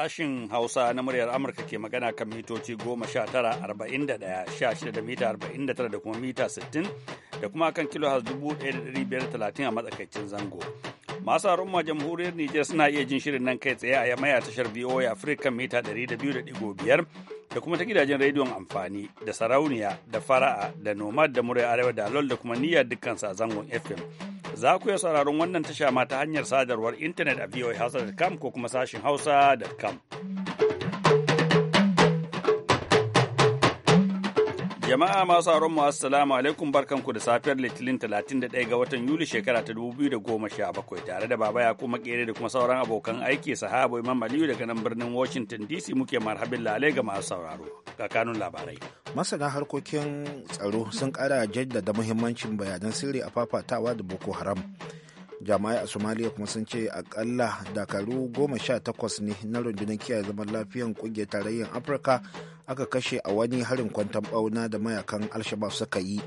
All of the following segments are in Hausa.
sashin Hausa na muryar Amurka ke magana kan mitoci 19-41-16 da mita 49 da kuma mita 60 da kuma kan kilo 1530 a matsakaicin zango. Masu harumma jamhuriyar Nijar suna iya jin shirin nan kai tsaye a yamaya tashar VOA Africa mita 200.5 da kuma ta gidajen rediyon amfani da sarauniya da fara'a da nomad da murai arewa da lol da kuma niyyar dukkan a zangon FM. Za ku iya sauraron wannan tasha ma ta hanyar sadarwar intanet a voahausa.com ko kuma sashin hausa.com. Jama'a masu auren mu assalamu alaikum barkanku da safiyar Litinin 31 ga watan Yuli shekara ta 2017 tare da Baba ya kuma kere da kuma sauran abokan aiki sahabo Imam Aliyu daga nan birnin Washington DC muke marhabin lale ga masu sauraro ga labarai. Masana harkokin tsaro sun kara jaddada muhimmancin bayanan sirri a fafatawa da Boko Haram. jama'ai a Somalia kuma sun ce akalla dakaru goma sha takwas ne na rundunar kiyaye zaman lafiyan kungiyar tarayyar Afirka aka kashe a wani harin kwantan bauna da mayakan alshabab suka yi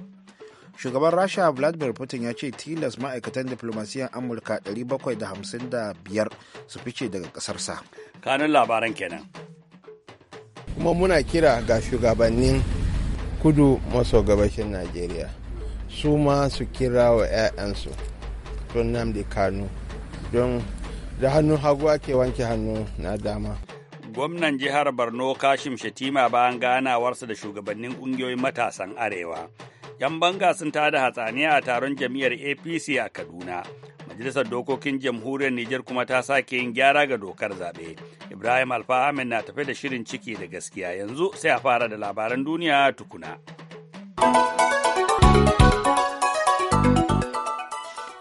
shugaban rasha vladimir putin ya ce tilas ma'aikatan diplomasiyan amurka 755 su fice daga ƙasarsa kanun labaran kenan kuma muna kira ga shugabannin kudu maso gabashin najeriya su ma su kira wa 'ya'yansu don da kanu don da hannun hagu ake wanke hannu na dama gwamnan jihar Borno Kashim Shatima bayan ganawarsa da shugabannin ƙungiyoyin matasan Arewa. 'Yan banga sun tada hatsaniya a taron jam'iyyar APC a Kaduna. Majalisar Dokokin Jamhuriyar Nijar kuma ta sake yin gyara ga dokar zaɓe. Ibrahim Alfa amin na tafe da shirin ciki da gaskiya yanzu sai a fara da labaran duniya tukuna.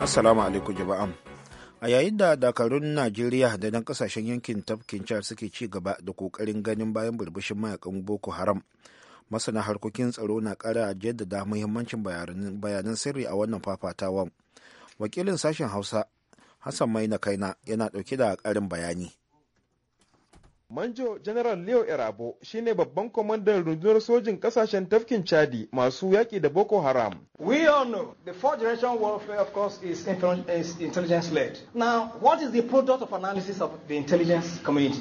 Assalamu alaikum jama'a. a yayin da dakarun najeriya da na kasashen yankin tafkin chad suke ci gaba da kokarin ganin bayan burbushin mayakan boko haram masana harkokin tsaro na kara jaddada muhimmancin bayanan sirri a wannan fafatawan wakilin sashen hausa hassan mai maina kaina yana dauke da karin bayani Manjo General Leo Erabo shine babban kwamandan rundunar sojin kasashen tafkin Chadi masu yaƙi da Boko Haram. We all know the fourth generation warfare of course is, intelligence led. Now what is the product of analysis of the intelligence community?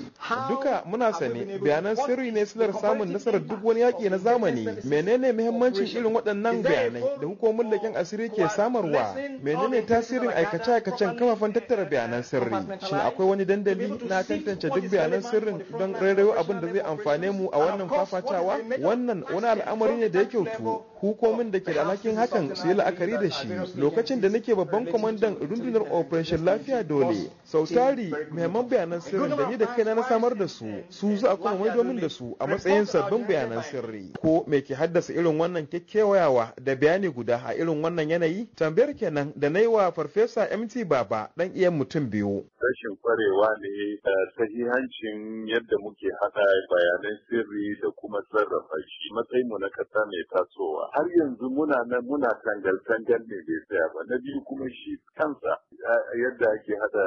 Duka muna sani bayanan sirri ne silar samun nasarar duk wani yaƙi na zamani. Menene muhimmancin irin waɗannan bayanai da hukumomin lakin asiri ke samarwa? Menene tasirin aikace-aikacen kafafen tattara bayanan sirri? Shin akwai wani dandali na tantance duk bayanan sirrin don rairayo abin da zai amfane mu a wannan fafatawa wannan wani al'amari ne da ya kyautu hukomin da ke da alhakin hakan su yi la'akari da shi lokacin da nake babban kwamandan rundunar operation lafiya dole sautari mahimman bayanan sirri da ni da kaina na samar da su su zu a kuma mai domin da su a matsayin sabbin bayanan sirri ko me ke haddasa irin wannan kyakkyawayawa da bayani guda a irin wannan yanayi tambayar kenan da na yi wa farfesa mt baba dan iya mutum biyu rashin kwarewa ne ta eh, hancin yadda muke haɗa bayanan sirri da kuma sarrafa shi matsayin mu na kasa mai tasowa har yanzu muna nan muna tangal-tangal ne bai tsaya ba na biyu kuma shi kansa yadda ake haɗa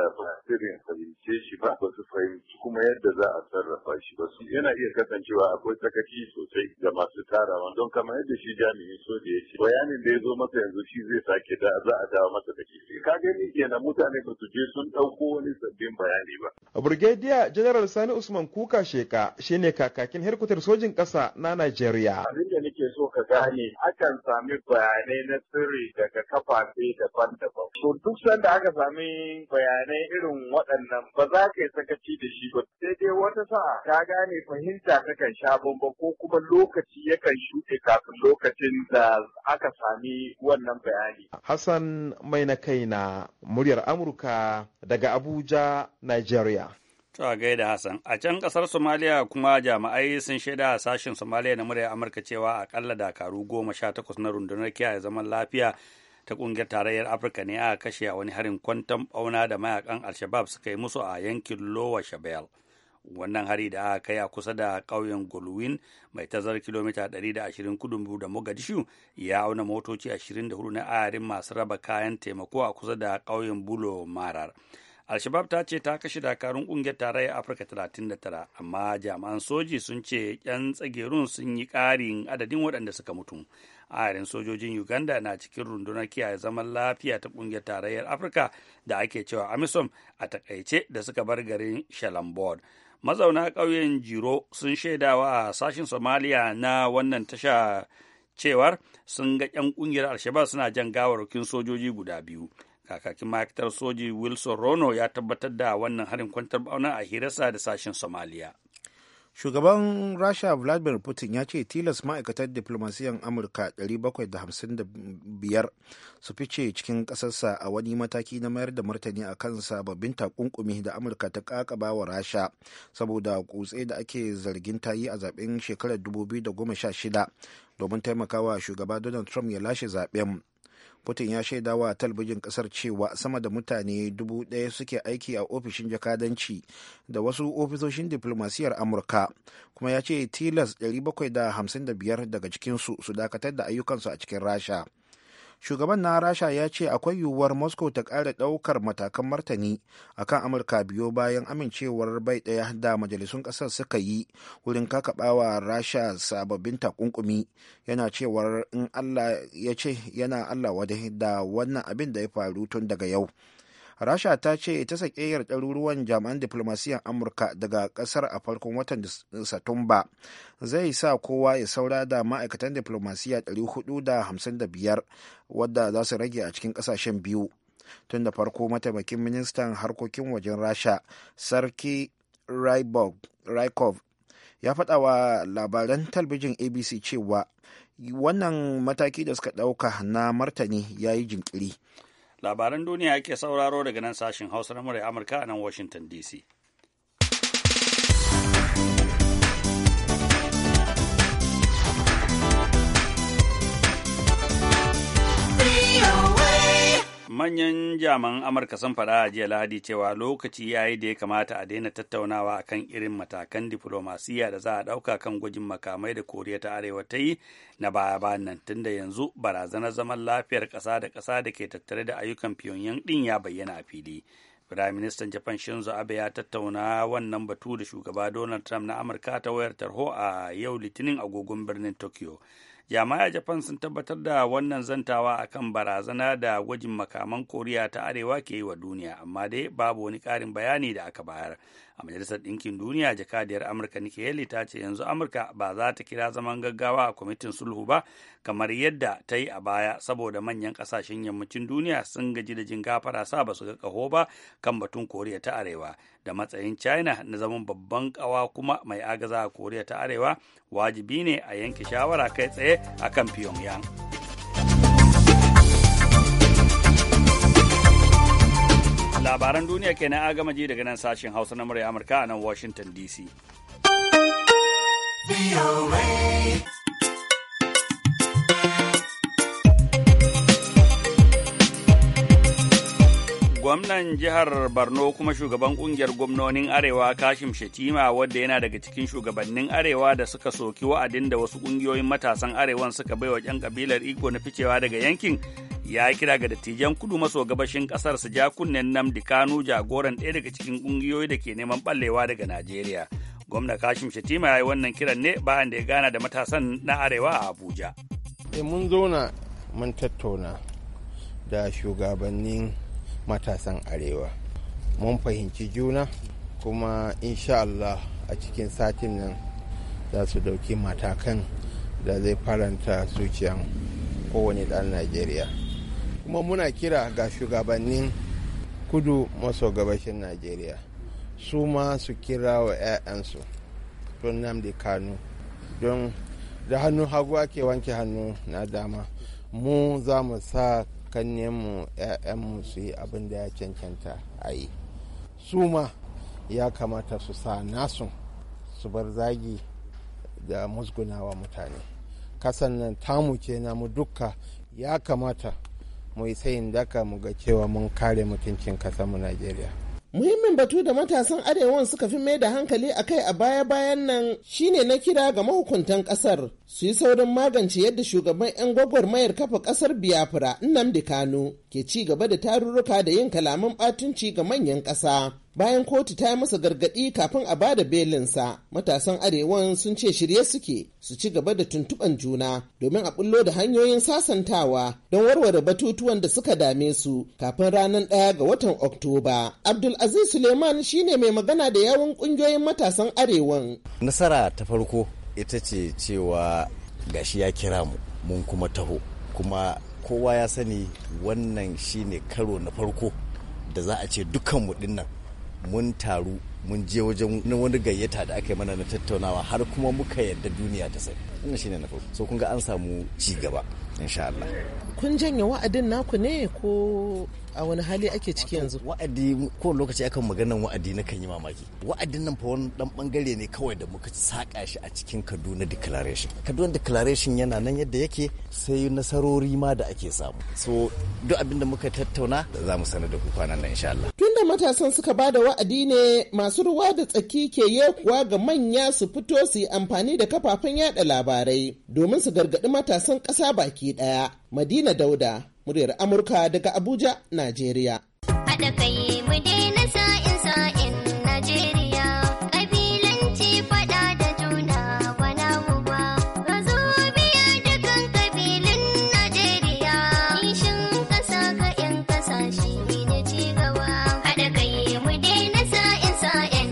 sirrin fahimce shi ba ba su fahimci kuma yadda za a sarrafa shi ba su yana iya kasancewa akwai sakaci sosai ga masu tarawa don kama yadda shi jami'in so da ya ce bayanin da ya zo masa yanzu shi zai sake da za a dawo masa da kifi ka gani kenan mutane ba su je sun ɗauko wani sabbin bayani ba. Brigadier General Sani Usman Kuka Sheka shine kakakin herkutar sojin ƙasa na Najeriya. Abin da nake so ka gane akan sami bayanai na sirri daga kafafe daban-daban. To duk sanda aka sami bayanai irin waɗannan ba za ka yi sakaci da shi ba. Sai dai wata sa'a ta gane fahimta takan sha bamba ko kuma lokaci yakan shuɗe kafin lokacin da aka sami wannan bayani. Hassan mai na kai na muryar Amurka daga Abuja, Najeriya. To gaida Hassan, a can kasar somaliya kuma jami'ai sun shaida sashen somaliya na murya Amurka cewa akalla dakaru goma sha takwas na rundunar kiyaye zaman lafiya ta kungiyar tarayyar Afirka ne a kashe a wani harin kwantan bauna da mayakan alshabab suka yi musu a yankin Lowa Shabelle. wannan hari da aka kai a kusa da ƙauyen golwin mai tazar kilomita 120 kudu da mogadishu ya auna motoci 24 na ayarin masu raba kayan taimako a kusa da ƙauyen bulo marar alshabab ta ce ta kashe dakarun ƙungiyar tarayyar afirka 39 amma jami'an soji sun ce 'yan tsagerun sun yi ƙarin adadin waɗanda suka mutu ayarin sojojin uganda na cikin rundunar kiyaye zaman lafiya ta ƙungiyar tarayyar afirka da ake cewa amisom a takaice da suka bar garin shalambod mazauna ƙauyen jiro sun shaidawa a sashen somaliya na wannan tasha cewar sun ga 'yan ƙungiyar alshabab suna jan gawarwakin sojoji guda biyu kakakin ma'aikatar soji wilson rono ya tabbatar da wannan harin kwantar bauna a hirarsa da sashen somaliya shugaban rasha vladimir putin ya ce tilas ma'aikatar diplomasiyan amurka 755 su fice cikin ƙasarsa a wani mataki na mayar da martani a kan sababbin takunkumi da amurka ta kakaba wa rasha saboda kutse da ake zargin ta yi a zaben shekarar 2016 domin taimakawa shugaba donald trump ya lashe zaben putin ya shaida wa talbijin kasar cewa sama da mutane dubu ɗaya suke aiki a ofishin jakadanci da wasu ofisoshin diplomasiyar amurka kuma ya ce tilas 755 daga cikinsu su dakatar da ayyukansu a cikin rasha shugaban na rasha ya ce akwai yiwuwar moscow ta ƙara ɗaukar matakan martani akan amurka biyo bayan amincewar bai ɗaya da majalisun ƙasar suka yi wurin kakaɓawa rasha sababbin takunkumi yana cewar in allah ya ce yana allah wadai da wannan abin da ya faru tun daga yau rasha ta ce ita sakeyar ɗaruruwan jami'an diflomasiyan amurka daga ƙasar a farkon watan satumba zai sa kowa ya saura da ma'aikatan diflomasiya 455 wadda za su rage a cikin ƙasashen biyu tun da farko mataimakin ministan harkokin wajen rasha sarki rykov ya faɗa wa labaran talbijin abc cewa wannan mataki da suka ɗauka na martani ya yi jinkiri labaran duniya ake sauraro daga nan sashen hausa na murai amurka a nan washington dc manyan jaman amurka sun faɗa a jiya lahadi cewa lokaci ya yi da ya kamata a daina tattaunawa a kan irin matakan diflomasiyya da za a ɗauka kan gwajin makamai da koriya ta arewa ta yi na baya bayan nan tunda yanzu barazanar zaman lafiyar ƙasa da ƙasa da ke tattare da ayyukan pyongyang ɗin ya bayyana a fili Firayim Ministan Japan Shinzo Abe ya tattauna wannan batu da shugaba Donald Trump na Amurka ta wayar tarho a yau Litinin agogon birnin Tokyo. jami'a japan sun tabbatar da wannan zantawa akan barazana da gwajin makaman koriya ta arewa ke yi wa duniya amma dai babu wani karin bayani da aka bayar a majalisar ɗinkin duniya jakadiyar amurka nikki haley ta ce yanzu amurka ba za ta kira zaman gaggawa a kwamitin sulhu ba kamar yadda ta yi a baya saboda manyan ƙasashen yammacin duniya sun gaji da jin gafara sa ba su ga ƙaho ba kan batun koriya ta arewa da matsayin china na zaman babban ƙawa kuma mai agaza a koriya ta arewa wajibi ne a yanke shawara kai tsaye akan pyongyang labaran duniya kenan a gama ji daga nan sashen hausa na murya amurka a nan washington dc gwamnan jihar borno kuma shugaban kungiyar gwamnonin arewa kashim shetima wadda yana daga cikin shugabannin arewa da suka soki wa'adin da wasu kungiyoyin matasan arewan suka baiwa 'yan kabilar igbo na ficewa daga yankin ya kira ga dattijan kudu maso gabashin kasar su ja kunnen namdi kanu jagoran ɗaya daga cikin ƙungiyoyi da ke neman ɓallewa daga najeriya gwamna kashim shatima ya yi wannan kiran ne bayan da ya gana da matasan na arewa a abuja eh, mun zauna mun tattauna da shugabannin matasan arewa mun fahimci juna kuma insha Allah a cikin satin nan za su dauki matakan da zai faranta zuciyan kowane ɗan najeriya kuma muna kira ga shugabannin kudu maso gabashin najeriya su ma su kira wa 'ya'yansu don namdi kanu don da hannu haguwa ke wanke hannu na dama mu za mu sa kannenmu 'ya'yanmu su yi abin da ya cancanta a yi su ma ya kamata su sa nasu su bar zagi da musgunawa mutane kasan nan tamu na namu duka ya kamata mu yi tsayin daka mu ga cewa mun kare mutuncin mu Najeriya. Muhimmin batu da matasan arewan suka fi mai da hankali a kai a baya-bayan nan shine na kira ga mahukuntan kasar su yi saurin magance yadda shugaban 'yan gwagwarmayar kafa kasar Biafra Nnamdi Kano ke ci gaba da tarurruka da yin kalaman batunci ga manyan ƙasa. bayan kotu ta yi masa gargaɗi kafin a ba da belinsa matasan arewan sun ce shirye suke su ci gaba da tuntuɓan juna domin a bullo da hanyoyin sasantawa don warware batutuwan da suka dame su kafin ranar ɗaya ga watan oktoba abdul aziz suleiman shine mai magana da yawun ƙungiyoyin matasan arewan nasara ta farko ita ce cewa gashi ya kira mu mun kuma taho kuma kowa ya sani wannan shine karo na farko da za a ce dukkanmu dinnan mun taru mun je wajen wani gayyata da aka yi mana na tattaunawa har kuma muka yadda duniya ta sai wannan shine na farko so kun ga an samu ci gaba insha Allah kun janye wa'adin naku ne ko a wani hali ake ciki yanzu wa'adi ko lokaci akan maganan wa'adi na kan yi mamaki wa'adin nan fa wani dan bangare ne kawai da muka saka shi a cikin Kaduna declaration Kaduna declaration yana nan yadda yake sai nasarori ma da ake samu so duk abin da muka tattauna za mu sanar da ku kwanan nan insha Allah tunda matasan suka ba da wa'adi ne masu ruwa da tsaki ke yekuwa ga manya su fito su yi amfani da kafafen yada labarai domin su gargadi matasan ƙasa baki ɗaya madina dauda muryar Amurka daga Abuja, Najeriya. Haɗa kai mu daina sa'in sa'in Najeriya, ƙabilanci faɗa da juna wana uba. Ka zo biya dukan ƙabilun Najeriya, kishin ƙasa ga 'yan ƙasashe na cigaba. Haɗa kai mu daina sa'in sa'in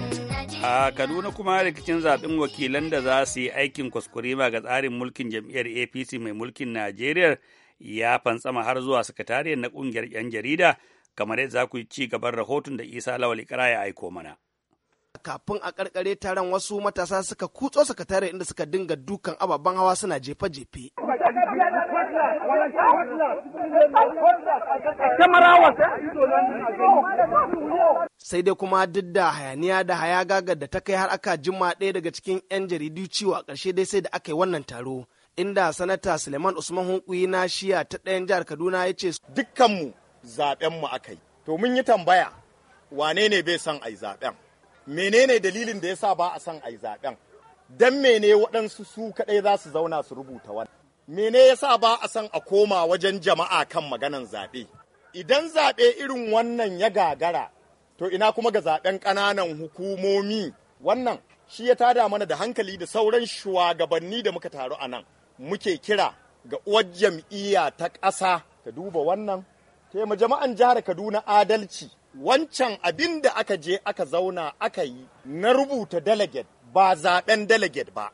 A Kaduna kuma rikicin zaɓen wakilan da za su yi aikin kuskurema ga tsarin mulkin jam'iyyar APC mai mulkin Najeriya ya fantsama har zuwa sakatariyar na ƙungiyar 'yan jarida kamar yadda za ku yi ci gaban rahoton da isa lawali ƙara ya aiko mana kafin a karkare taron wasu matasa suka kutso sakatare inda suka dinga dukan ababen hawa suna jefe-jefe sai dai kuma duk da hayaniya da hayagagar da ta kai har aka jima ɗaya daga cikin 'yan jaridu ciwo a ƙarshe dai sai da aka yi wannan taro inda sanata suleiman usman hunkuyi na shiya ta ɗayan jihar kaduna ya ce dukkanmu zaɓenmu aka yi to mun yi tambaya wane ne bai son ayi zaɓen menene dalilin da ya sa ba a son ayi zaɓen dan mene waɗansu su kaɗai za su zauna su rubuta wani mene ya sa ba a son a koma wajen jama'a kan maganan zaɓe idan zaɓe irin wannan ya gagara to ina kuma ga zaɓen ƙananan hukumomi wannan shi ya tada mana da hankali da sauran shugabanni da muka taru a nan muke kira ga uwar jam'iyya ta ƙasa ta duba wannan taimaka jama'an jihar kaduna adalci wancan abin da aka je aka zauna aka yi na rubuta delegate ba zaben delegate ba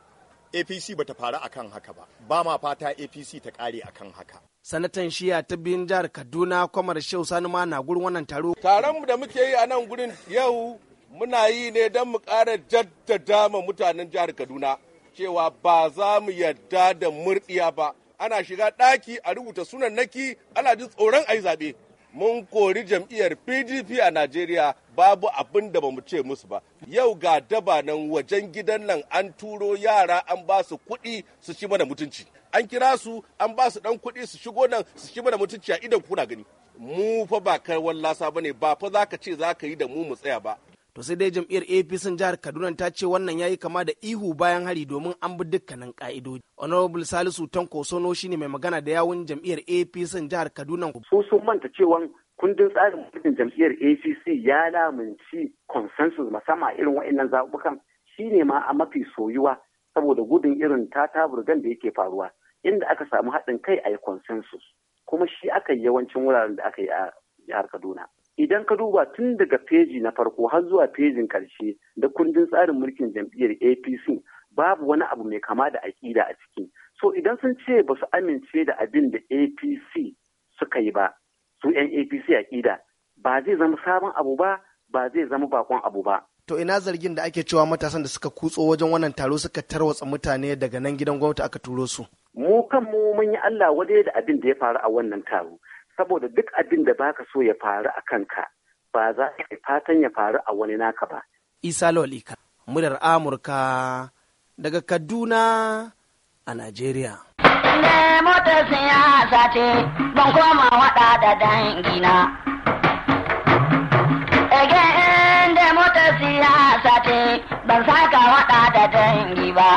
apc ba ta faru akan haka ba ba ma fata apc ta ƙare akan haka sanatan shiya ta biyun jihar kaduna kwamar shehu sani ma na gurin wannan taro taron da muke yi a nan gurin yau muna yi ne don mu ƙara jaddada ma mutanen jihar kaduna cewa ba za mu yarda da murɗiya ba ana shiga ɗaki a rubuta sunan naki ana jin tsoron ayi yi zaɓe mun kori jam'iyyar pdp a najeriya babu abin da ba mu ce musu ba yau ga daba nan wajen gidan nan an turo yara an ba su kuɗi su ci mana mutunci an kira su an ba su ɗan kuɗi su shigo nan su ci mana mutunci a idan kuna gani mu fa ba kai lasa ba ne ba fa za ka ce za ka yi da mu mu tsaya ba to sai dai jam'iyyar apc jihar kaduna ta ce wannan ya yi kama da ihu bayan hari domin an bi dukkanin ka'idoji honorable salisu tanko sono shine mai magana da yawun jam'iyyar apc jihar kaduna su sun manta cewa kundin tsarin mulkin jam'iyyar apc ya lamunci consensus musamman irin wa'annan zabukan shine ma a mafi soyuwa saboda gudun irin tata burgan da yake faruwa inda aka samu haɗin kai a yi consensus kuma shi aka yi yawancin wuraren da aka yi a jihar kaduna idan ka duba tun daga feji na farko har zuwa fejin karshe da kundin tsarin mulkin jam'iyyar apc babu wani abu mai kama da aƙida a ciki so idan sun ce ba su amince da abin da apc suka yi ba su yan apc aƙida ba zai zama sabon abu ba ba zai zama bakon abu ba to ina zargin da ake cewa matasan da suka kutso wajen wannan taro suka tarwatsa mutane daga nan gidan gwamnati aka turo su mu kan mu mun yi Allah wadai da abin da ya faru a wannan taro saboda duk abin da baka so ya faru a kanka ba za ka fatan ya faru a wani naka ba. Isa Lolika, muryar Amurka daga Kaduna a Najeriya. Ne motar siyasa ce ban koma waɗa da na. Ege inda motar siyasa ce ban saka waɗa da dangi ba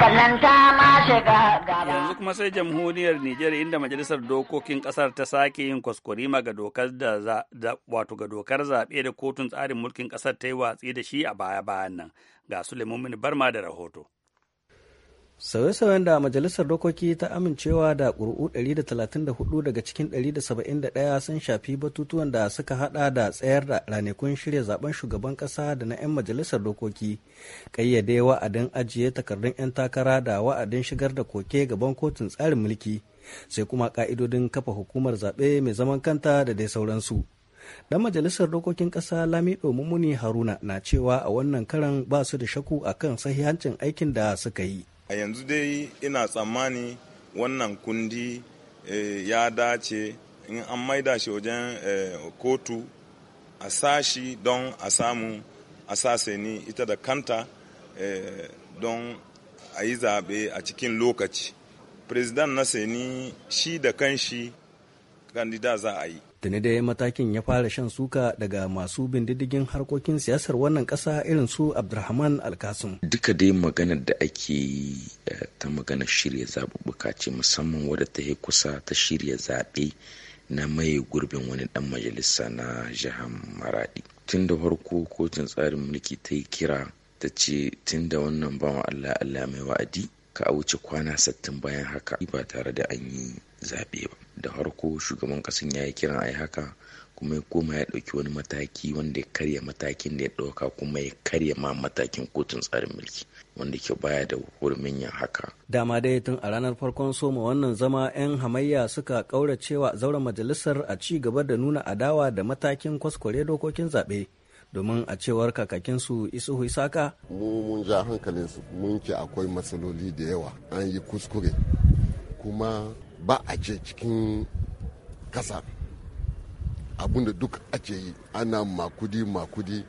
ballanta ma shiga gaba yanzu kuma sai jamhuriyar Nijar inda majalisar dokokin kasar ta sake yin kwaskwarima ga dokar da wato ga dokar zaɓe da kotun tsarin mulkin kasar ta yi watsi da shi a baya bayan nan ga Suleiman Barma da rahoto sauye-sauyen da majalisar dokoki ta amincewa da ƙuri'u 134 daga cikin 171 sun shafi batutuwan da suka hada da tsayar da ranakun shirya zaben shugaban ƙasa da na 'yan majalisar dokoki ƙayyade wa'adin ajiye takardun 'yan takara da wa'adin shigar da koke gaban kotun tsarin mulki sai kuma ƙa'idodin kafa hukumar zaɓe mai zaman kanta da dai sauransu dan majalisar dokokin ƙasa lamido mummuni haruna na cewa a wannan karan ba su da shaku akan sahihancin aikin da suka yi a yanzu dai ina tsammani wannan kundi eh, ya dace in an maida shi wajen eh, kotu a sashi don a samu a ita da kanta eh, don a yi zaɓe a cikin lokaci. president na seni shi da kanshi kandida za a yi. tuni dai matakin ya fara shan suka daga masu bindidigin harkokin siyasar wannan kasa irin su abdulrahman alkasim duka dai maganar da ake eh, ta maganar shirya zaɓuɓɓuka ce musamman wadda ta yi kusa ta shirya zaɓe na maye gurbin wani ɗan majalisa na jihar maradi tun da farko kotun tsarin mulki ta yi kira ta ce tun da wannan wa allah allah mai wa'adi ka wuce kwana sattin bayan haka ba tare da an yi zaɓe ba da harko shugaban kasan ya yi kiran a yi haka kuma ya koma ya ɗauki wani mataki wanda ya karya matakin da ya ɗauka kuma ya karya ma matakin kotun tsarin mulki wanda ke baya da hurumin yin haka. Dama dai tun a ranar farkon soma wannan zama 'yan hamayya suka kauracewa zauren majalisar a ci gaba da nuna adawa da matakin kwaskware dokokin zaɓe. domin a cewar kakakinsu isuhu isaka mu mun ja hankalinsu mun ke akwai matsaloli da yawa an yi kuskure kuma ba a ce cikin kasa abinda duk ake yi ana makudi makudi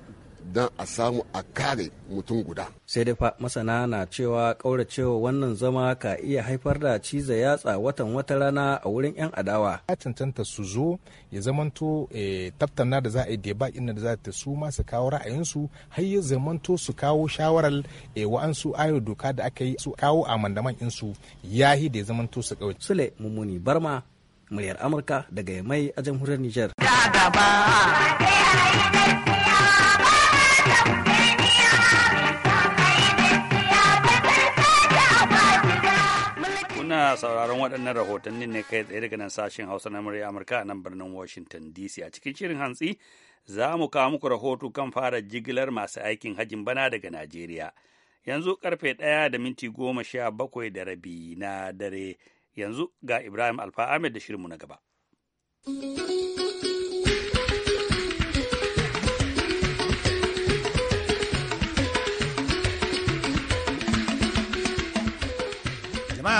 don a samu a kare mutum guda. Sai dai fa masana na cewa ƙauracewa wannan zama ka iya haifar da ciza yatsa watan wata rana a wurin 'yan adawa. Ya cancanta su zo ya zamanto eh, tattauna da za a yi ba inda da za ta su masu kawo ra'ayinsu har ya zamanto su kawo shawarar eh, wa'ansu ayo doka da aka yi su kawo a mandaman insu yahi da ya zamanto su ƙauce. Sule Mummuni Barma muryar Amurka daga Yamai a jamhuriyar Nijar. kuna sauraron waɗannan rahotannin ne kai tsaye daga nan sashen Hausa na murya Amurka a nan birnin Washington DC a cikin shirin hantsi za mu kawo muku rahoto kan fara jigilar masu aikin hajin bana daga Najeriya. Yanzu karfe ɗaya da minti goma sha bakwai da rabi na dare yanzu ga Ibrahim Alfa Ahmed da shirinmu na gaba.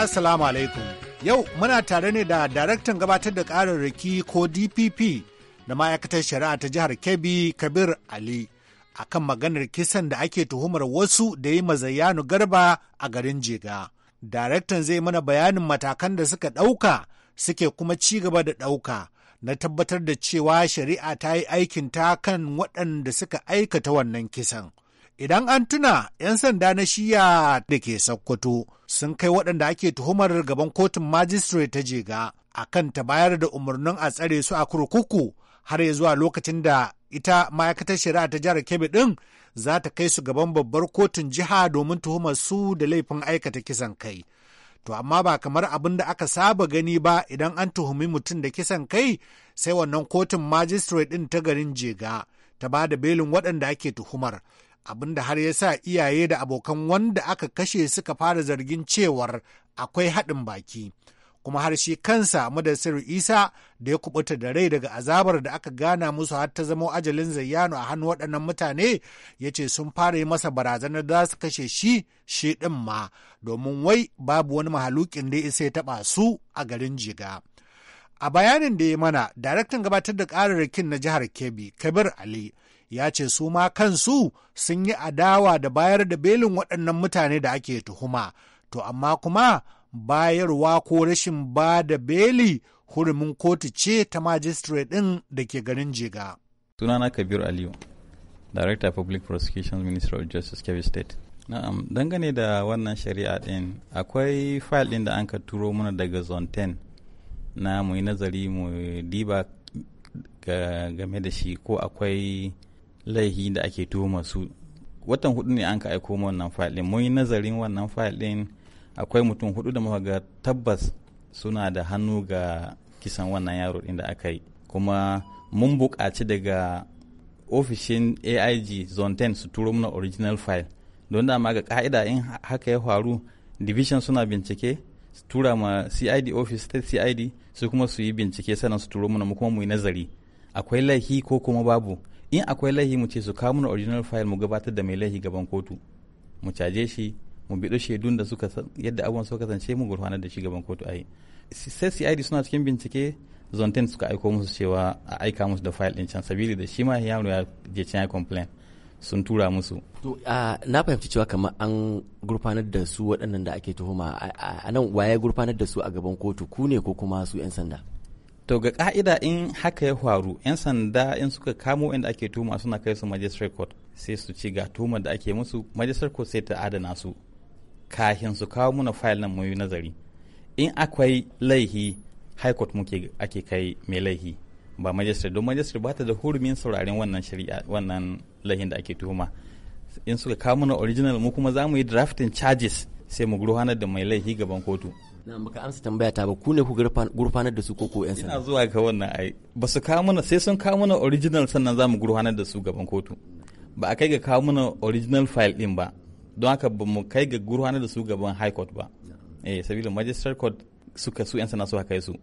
assalamu alaikum yau muna tare ne da daraktan gabatar da ƙararraki ko dpp na ma'aikatar shari'a ta jihar kebbi kabir ali a kan maganar kisan da ake tuhumar wasu da yi mazayyanu garba a garin jega daraktan zai mana bayanin matakan da suka ɗauka suke kuma ci gaba da ɗauka na tabbatar da cewa shari'a ta yi aikin ta kan waɗanda suka aikata wannan kisan. Idan an tuna 'yan sanda na shiya da ke Sokoto sun kai waɗanda ake tuhumar gaban kotun majistare ta jega a kan ta bayar da umarnin a tsare su a kurkuku har ya zuwa lokacin da ita ma'aikatar shari'a ta jihar Kebbi ɗin za ta kai su gaban babbar kotun jiha domin tuhumar su da laifin aikata kisan kai. to amma ba kamar abin da aka saba gani ba idan an tuhumi mutum da kisan kai sai wannan kotun magistrate ɗin ta garin jega ta ba da belin waɗanda ake tuhumar abinda har ya sa iyaye da abokan wanda aka kashe suka fara zargin cewar akwai haɗin baki. kuma har shi kansa madasir isa da ya kubuta da rai daga azabar da aka gana musu har ta zamo ajalin zayyano a hannu waɗannan mutane ya ce sun fara yi masa barazanar da su kashe shi shi ɗin ma domin wai babu wani mahalukin da isa ya taɓa su a garin jiga a bayanin da ya mana daraktan gabatar da ƙararrakin na jihar kebbi kabir ali ya ce su ma kansu sun yi adawa da bayar da belin waɗannan mutane da ake tuhuma to amma kuma bayarwa ko rashin ba da beli hurumin kotu ce ta magistrate ɗin da ke garin jega sunana kabir aliyu director public prosecutions minister of justice kebbi state na'am dangane da wannan shari'a ɗin akwai fayil ɗin da an ka turo mana daga zone 10 na mu yi nazari mu diba game da shi ko akwai laihi da ake tuhumar su watan hudu ne an ka aiko wannan fayil din mun yi nazarin wannan fayil din akwai mutum hudu da muka ga tabbas suna da hannu ga kisan wannan yaro din da aka yi kuma mun buƙaci daga ofishin aig zone 10 su turo mana original file don dama ga ka'ida in haka ya faru division suna bincike su tura ma cid office state cid su kuma su yi bincike sannan su turo mana mu kuma mu yi nazari akwai laifi ko kuma babu in akwai laihi mu ce su kawo mana original file mu gabatar da mai laihi gaban kotu mu caje shi mu biɗo shaidun da suka yadda abubuwan suka kasance mu gurfanar da shi gaban kotu ayi yi sai cid suna cikin bincike zonten suka aiko musu cewa a aika musu da file din can sabili da shi ma ya ya je can ya complain sun tura musu to na fahimci cewa kamar an gurfanar da su waɗannan da ake tuhuma a nan waye gurfanar da su a gaban kotu ku ne ko kuma su 'yan sanda to ga ka'ida in haka ya faru 'yan sanda in suka kamo inda ake tuma suna kai su magistrate court sai su ci ga tuma da ake musu magistrate court sai ta adana su kafin su kawo muna file nan muyi nazari in akwai laihi high court muke ake kai mai laihi ba magistrate don magistrate ba ta da hurumin sauraren wannan shari'a wannan laihin da ake tuhuma in suka kawo muna original mu kuma za mu yi drafting charges sai mu gurfanar da mai laihi gaban kotu na baka amsa tambaya ta ba ku ne ku gurfanar da su ko ko yan sanda ina zuwa ga wannan ai ba su kawo mana sai sun kawo mana original sannan za mu gurfanar da su gaban kotu ba a kai ga kawo mana original file din ba don haka ba mu kai ga gurfanar da su gaban high court ba eh sabila magistrate court suka su yan sanda haka kai su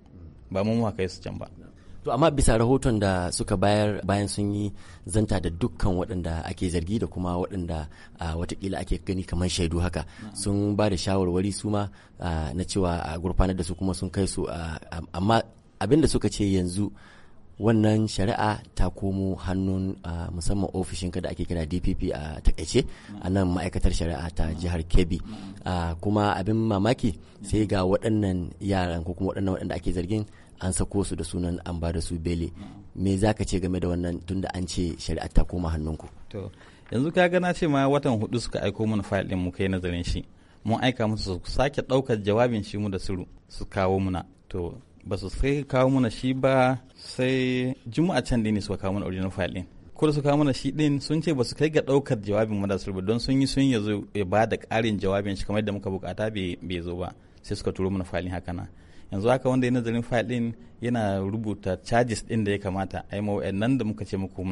ba mu mu kai su can ba To amma bisa rahoton da suka bayar bayan sun yi zanta da dukkan waɗanda ake zargi da kuma waɗanda watakila ake gani kamar shaidu haka sun ba da shawarwari su ma na cewa a gurfanar da su kuma sun kai su amma abin da suka ce yanzu wannan shari'a ta komo hannun musamman ofishin da ake kira dpp a takaice a nan ma'aikatar shari'a ta jihar kebbi kuma abin mamaki sai ga waɗannan yaran ko kuma waɗannan waɗanda ake zargin an sako su da sunan an ba da su bele me za ka ce game da wannan tunda an ce shari'a ta koma hannunku to yanzu ka gana ce ma watan hudu suka aiko mana fayil din mu kai nazarin shi mun aika musu su sake daukar jawabin shi mu da suru su kawo muna to ba su sai kawo muna shi ba sai juma'a can ne suka kawo mana original fayil din ko su kawo mana shi din sun ce ba su kai ga daukar jawabin mu da suru don sun yi sun yazo ya ba da karin jawabin shi kamar yadda muka bukata bai zo ba sai suka turo mana fayil haka na yanzu haka wanda ya nazarin fayil din yana rubuta charges din da ya kamata ai ma nan da muka ce muku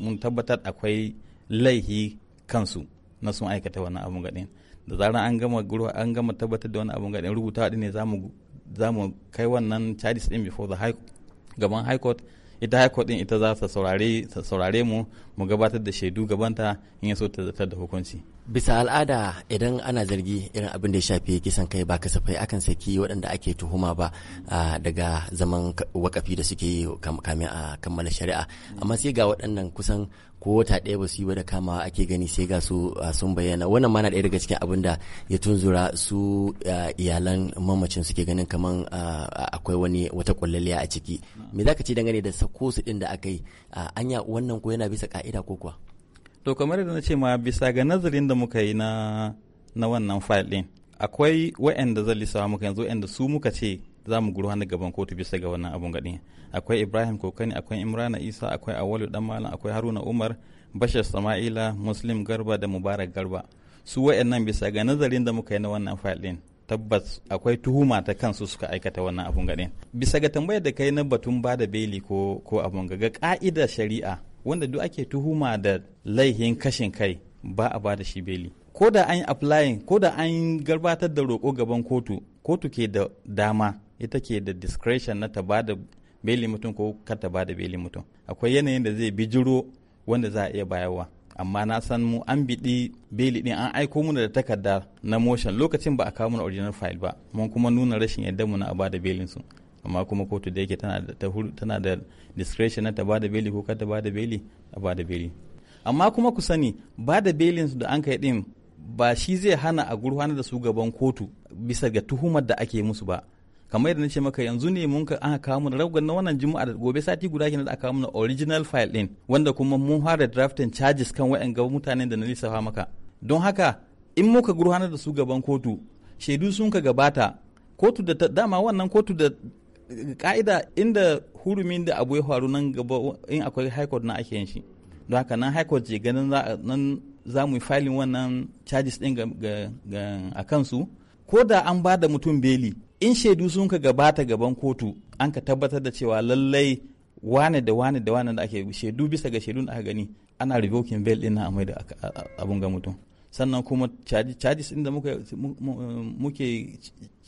mun tabbatar akwai laihi kansu na sun aikata wannan abun gadin da zarar an gama an gama tabbatar da wannan abun gadin rubutawa din ne za mu kai wannan charges din before the high gaban high court ita high court din ita za ta saurare mu mu gabatar da shaidu gabanta in ya so ta zartar da hukunci bisa al'ada idan ana zargi irin abin da ya shafi kisan kai ba kasafai akan saki waɗanda ake tuhuma ba daga zaman wakafi da suke yi kamin a kammala shari'a amma sai ga waɗannan kusan ko wata ɗaya ba su yi ba da kama ake gani sai ga su sun bayyana wannan mana ɗaya daga cikin abin da ya tunzura su iyalan mamacin suke ganin kamar akwai wani wata kullaliya a ciki me zaka ce dangane da sako su ɗin da aka yi anya wannan ko yana bisa ka'ida ko kuwa to kamar da na ce ma bisa ga nazarin da muka yi na wannan fayil din akwai wa'anda zan lissawa muka yanzu wa'anda su muka ce za mu hannu gaban kotu bisa ga wannan abun gaɗin akwai ibrahim kokani akwai imrana isa akwai awalu dan malam akwai haruna umar bashar sama'ila muslim garba da mubarak garba su wa'annan bisa ga nazarin da muka yi na wannan fayil tabbas akwai tuhuma ta kansu suka aikata wannan abun gaɗin bisa ga tambayar da kai na batun ba da beli ko ko abun ga ka'ida shari'a wanda duk ake tuhuma da laihin kashin kai ba a bada shi beli ko da an yi applying ko da an garbatar da roƙo gaban kotu kotu ke da dama ita ke da discretion na ta ba da beli mutum ko kar ta ba da beli mutum akwai yanayin da zai bijiro wanda za a iya bayarwa amma na san mu an biɗi beli ɗin an aiko mu da takarda na motion lokacin ba a kawo mana original file ba mun kuma nuna rashin yadda mu na a bada belin su amma kuma kotu da yake tana da discretion na ta bada beli ko ka ta bada beli a da beli amma kuma ku sani bada belin da an kai din ba shi zai hana a gurfanar da su gaban kotu bisa ga tuhumar da ake musu ba kamar yadda nace maka yanzu ne mun ka aka kawo mana raugan na wannan juma'a da gobe sati guda kenan da aka kawo mana original file din wanda kuma mun fara drafting charges kan waɗanga mutanen da na lissafa maka don haka in muka gurfanar da su gaban kotu shaidu sun ka gabata kotu da dama wannan kotu da ka'ida inda hurumin da abu ya faru nan gaba in akwai high court na ake yin shi don haka nan high court je ganin nan za mu yi filin wannan charges din a kansu ko da an ba da mutum beli in shaidu sun ka gabata gaban kotu an ka tabbatar da cewa lallai wane da wane da wane da ake shaidu bisa ga shaidu da aka gani ana revoking bail din na amai da abun ga mutum sannan kuma charges inda eh, muke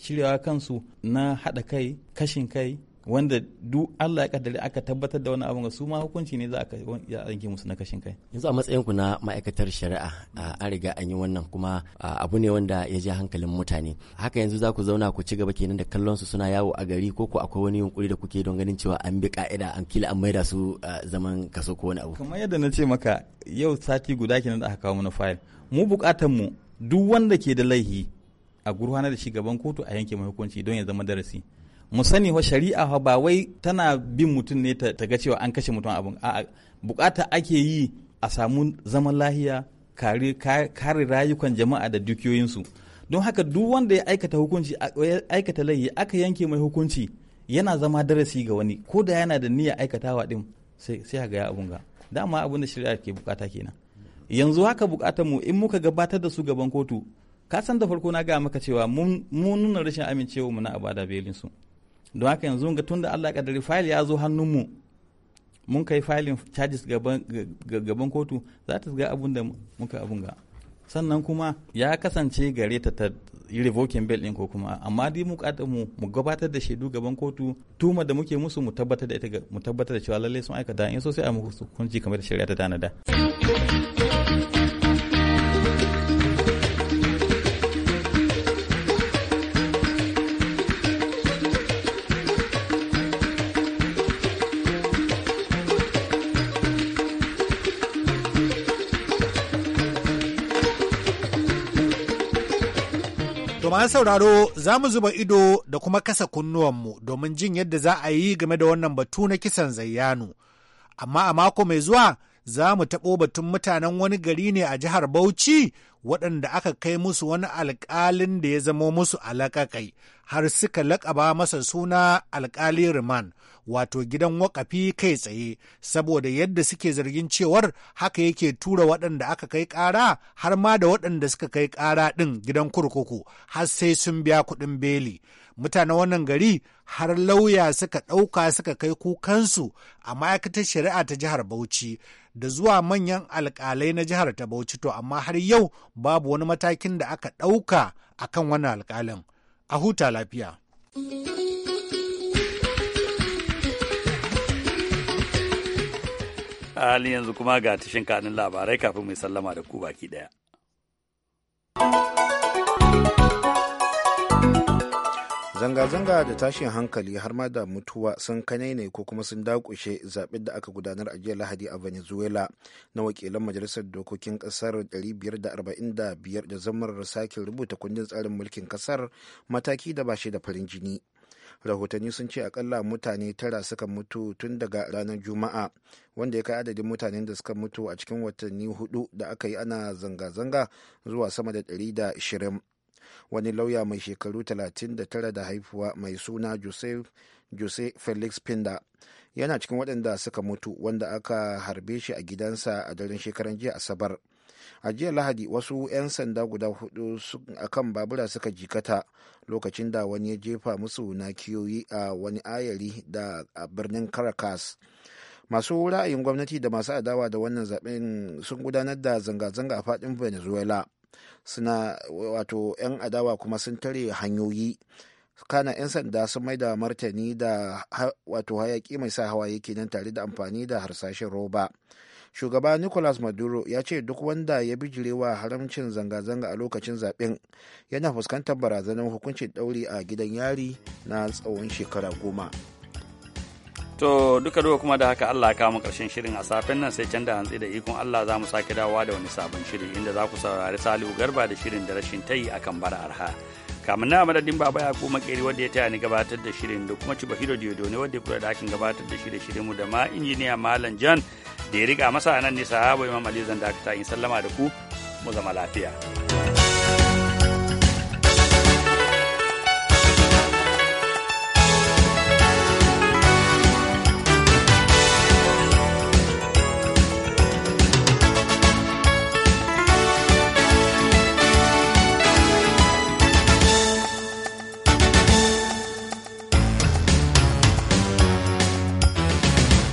shiryawa kansu na haɗa kai kashin kai wanda du Allah ya kaddare aka tabbatar da wani ga su ma hukunci ne za a yanke musu na kashin kai yanzu a matsayin ku na ma'aikatar shari'a an riga an yi wannan kuma abu ne wanda ya ji hankalin mutane haka yanzu za ku zauna ku ci gaba kenan da kallon su suna yawo a gari ko ku akwai wani yunkuri da kuke don ganin cewa an bi ka'ida an kila an maida su zaman kaso ko wani abu kamar yadda na ce maka yau sati guda kenan da aka kawo mana fayil mu bukatan mu duk wanda ke da laifi a gurfanar da shi gaban kotu a yanke mai hukunci don ya zama darasi mu sani wa shari'a ba wai tana bin mutum ne ta ga cewa an kashe mutum abin a bukata ake yi a samu zaman lahiya kare rayukan jama'a da dukiyoyinsu don haka duk wanda ya aikata hukunci aikata laifi aka yanke mai hukunci yana zama darasi ga wani ko da yana da niyya aikatawa din sai ga ya abun ga dama abun da shari'a ke bukata kenan yanzu haka bukatar mu in muka gabatar da su gaban kotu ka san da farko na ga maka cewa mun nuna rashin amincewa mu na abada belin su don haka yanzu ga tunda Allah ya kaddari fayil ya zo hannunmu mun kai filin charges gaban kotu za ta ga abun da muka abun ga sannan kuma ya kasance gare ta ta revoking bail din ko kuma amma dai mu mu mu gabatar da shaidu gaban kotu tuma da muke musu mu tabbatar da ita mu tabbatar da cewa lalle sun aikata in so sai a muku hukunci kamar da shari'a ta tanada Masu sauraro za mu zuba ido da kuma kasa kunnuwanmu domin jin yadda za a yi game da wannan batu na kisan zayyanu. Amma a mako mai zuwa za mu taɓo batun mutanen wani gari ne a jihar Bauchi waɗanda aka kai musu wani alƙalin da ya zamo musu alaƙaƙai har suka laƙaba masa suna alkali Riman, wato gidan wakafi kai tsaye, saboda yadda suke zargin cewar haka yake tura waɗanda aka kai ƙara har ma da waɗanda suka kai ƙara ɗin gidan kurkuku har sai sun biya kuɗin beli. Mutanen wannan gari har lauya suka ɗauka suka kai kukansu a ma'aikatar shari'a ta jihar Bauchi. da zuwa manyan alƙalai na jihar ta Bauchi to amma har yau babu wani matakin da aka ɗauka a kan wannan alƙalin. a huta lafiya. a halin yanzu kuma ga tashin kanin labarai kafin mai sallama da ku baki ɗaya. zanga-zanga da tashin hankali har ma da mutuwa sun kanai ne ko kuma sun dakushe zaɓen da aka gudanar a jiya lahadi a venezuela na wakilan majalisar dokokin ƙasar 545 da zamar sake rubuta kundin tsarin mulkin ƙasar mataki da bashi da farin jini rahotanni sun ce akalla mutane tara suka mutu tun daga ranar juma'a wanda ya kai adadin mutanen da suka mutu a cikin watanni hudu da aka yi ana zanga-zanga zuwa sama da 120 wani lauya mai shekaru 39 da haifuwa mai suna jose felix pinda yana cikin waɗanda suka mutu wanda aka harbe shi a gidansa a daren shekaran jiya asabar a jiya lahadi wasu 'yan sanda guda hudu a kan babura suka jikata lokacin da wani ya jefa musu na kiyoyi a wani ayari da a birnin caracas masu ra'ayin gwamnati da masu adawa da wannan zaben sun gudanar da zanga-zanga a faɗin venezuela suna wato 'yan adawa kuma sun tare hanyoyi kana 'yan sanda sun mai da martani da wato hayaki mai sa hawaye kenan tare da amfani da harsashen roba shugaba nicolas maduro ya ce duk wanda ya bijirewa haramcin zanga-zanga a lokacin zaben yana fuskantar barazanar hukuncin ɗauri a gidan yari na tsawon shekara goma. To duka duka kuma da haka Allah ya kawo karshen shirin a safen nan sai can da hantsi da ikon Allah za mu sake dawowa da wani sabon shiri inda za ku saurari Salihu Garba da shirin da rashin tayi akan bara arha. kamun na madadin baba ya kuma keri wadda ya taya ni gabatar da shirin da kuma ci bahiro yodo ne wadda kula da aikin gabatar da shirin shirin mu da ma injiniya malam jan da ya riga masa nan ne sahaba imam ali zan ta in sallama da ku mu zama lafiya.